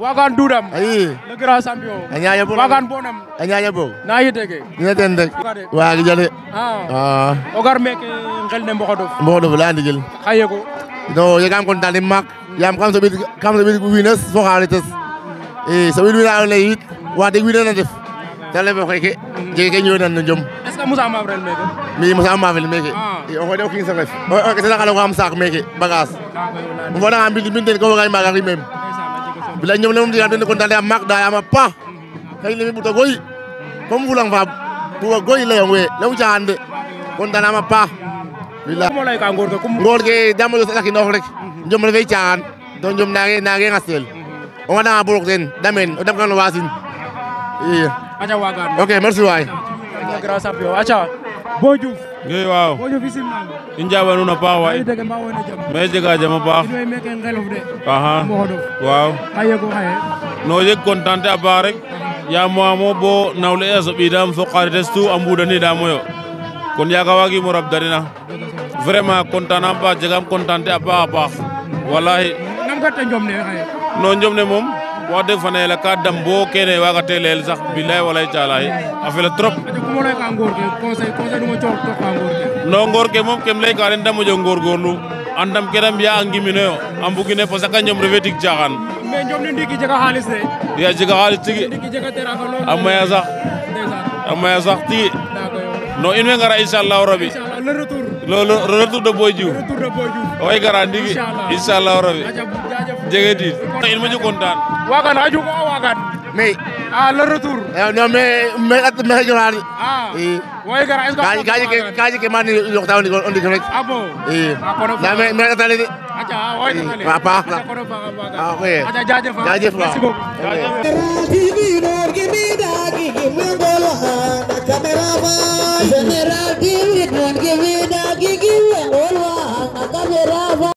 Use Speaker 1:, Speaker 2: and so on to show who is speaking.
Speaker 1: Wagan dudam. Ayi.
Speaker 2: a grand champion. Anya yabo. Wagan bonam. Anya yabo. Na yitege.
Speaker 1: Dina den Wa gi jale.
Speaker 2: Ogar ah. ah. meke ngel ne mboxodof.
Speaker 1: Mboxodof la ndigil. Xayego. No, ye gam kon dal mak. Yam kam so bit fo xalites. Eh, so bit winna le yit. Wa de winna na def. Dale bo xeke. Je ke ñew nan jom. Mi Moussa Mavrel meke. O ko de king sa O ko sa kala ko am sak meke bagage. Ah, Mo na am bi ko ga ma ga rimem. bila ñom ne mum digan ten kontaan a maak da yaam a paax xëy lemi ɓuta goy comme fulang fa ɓuga goy leyong we lemu caxaan de kontaan am a paax ngoor ke da moƴo saɗa kinoox rek njom refey caaxaan to njom naange ngastel o ngadanga bo rok ten da meen o waay
Speaker 2: Ngi waaw in jaɓanu na paax waay maxey jega jama paax axa waaw no jeg contente a paax rek yaam waamo bo nawle e a soɓiidaam fo xarites tout a mbudaniidamoyo kon yaaga waagiim o rabdanina vraiment content am paax jegaam contente a paax a paax walahi no njom ne moom wax dëgg fa ne yàlla ka dam bo kene waaga te leel sax bilaay walay caalaay a fela trop no ngoor ke moom kem lay ka den da moƴo ngorgorlu andam ke da mbiya a ngiminoyo a mbugine parce que ñoom refe caaxaan
Speaker 1: mais ñoom ne xaalis de
Speaker 2: ya jega xaalis tigi a maya sax a maya sax tigi no in way ngara rabi loolu retour de Boy Diouf retour de Boy Diouf oh, way garandi inshallah rabbi jegeti il ma ñu kontaan
Speaker 1: wagan aju ko wagan mais ah le retour non ya, mais mais at mais joran ah way gara est-ce que gaji ke man yok taw ni on di rek iya. ya, ah bon eh na mais mais atale de acha way atale papa ah ouais acha jaajeuf jaajeuf merci